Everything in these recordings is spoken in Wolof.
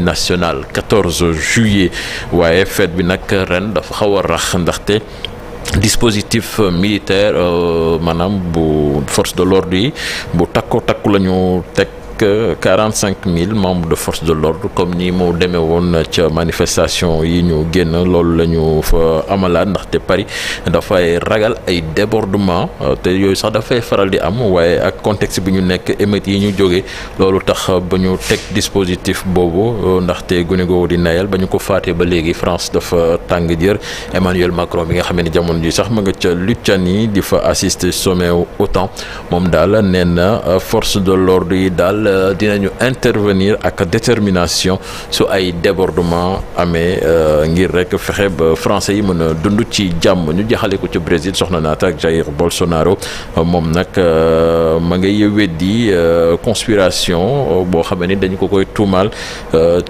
nationale 14 juillet waaye fête bi nag ren dafa xaw a rax ndaxte. dispositif militaire euh, maanaam bu force de l'ordre yi bu takko takku la ñu teg que quarante cinq mille membres de force de l'ordre comme ni mu demee woon ca manifestation yi ñu génn loolu la ñu fa amalaat ndaxte Paris dafay ragal ay débordement te yooyu sax dafay faral di am waaye ak contexte bi ñu nekk émeutes yi ñu jógee loolu tax ba ñu teg dispositif boobu ndaxte gune googu di nayal ba ñu ko faatee ba léegi France dafa tàng jër Emmanuel Macron bi nga xam ne jamono ji sax ma nga ca Lituanie di fa assister sommet OTAN moom daal nee force de l'ordre yi Euh, dinañu intervenir ak détermination su ay débordement amee euh, ngir rek fexe ba français yi mën a dund ci jàmm ñu jaxale ko ci Brésil soxna naata ak Jair Bolsonaro moom nag euh, ma ngay weddi conspiration boo xam ne dañ ko koy tuumaal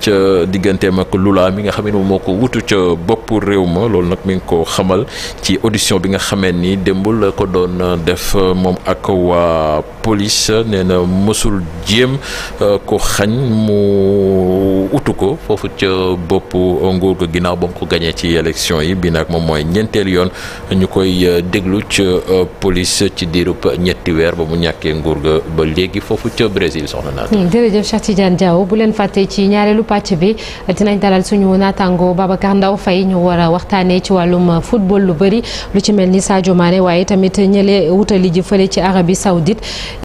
ca digganteem ak Lula mi nga xam ne moo ko wutu ca bopp réew ma loolu nag mi nga ko xamal ci audition bi nga xamee ni démbul la ko doon def moom ak waa police nee mësul jéem jéem euh, ko xañ mu utu ko foofu ca bopp nguur ga ginnaaw ba mu ko gañee ci élection yi bi nag moom mooy ñeenteel yoon ñu koy euh, déglu ca euh, police ci diirub ñetti weer ba mu ñàkkee nguur ga ba léegi foofu ca Brésil soxna naa. Hmm, jërëjëf Cheikh Tidiane Diaw bu leen fàtte ci ñaareelu pàcc bi dinañ dalal suñu naataango Babacar Ndaw Faye ñu war waxtaanee ci wàllum football lu bëri lu ci mel ni Sadio Mané waaye tamit ñële wutali ji fële ci Arabie Saoudite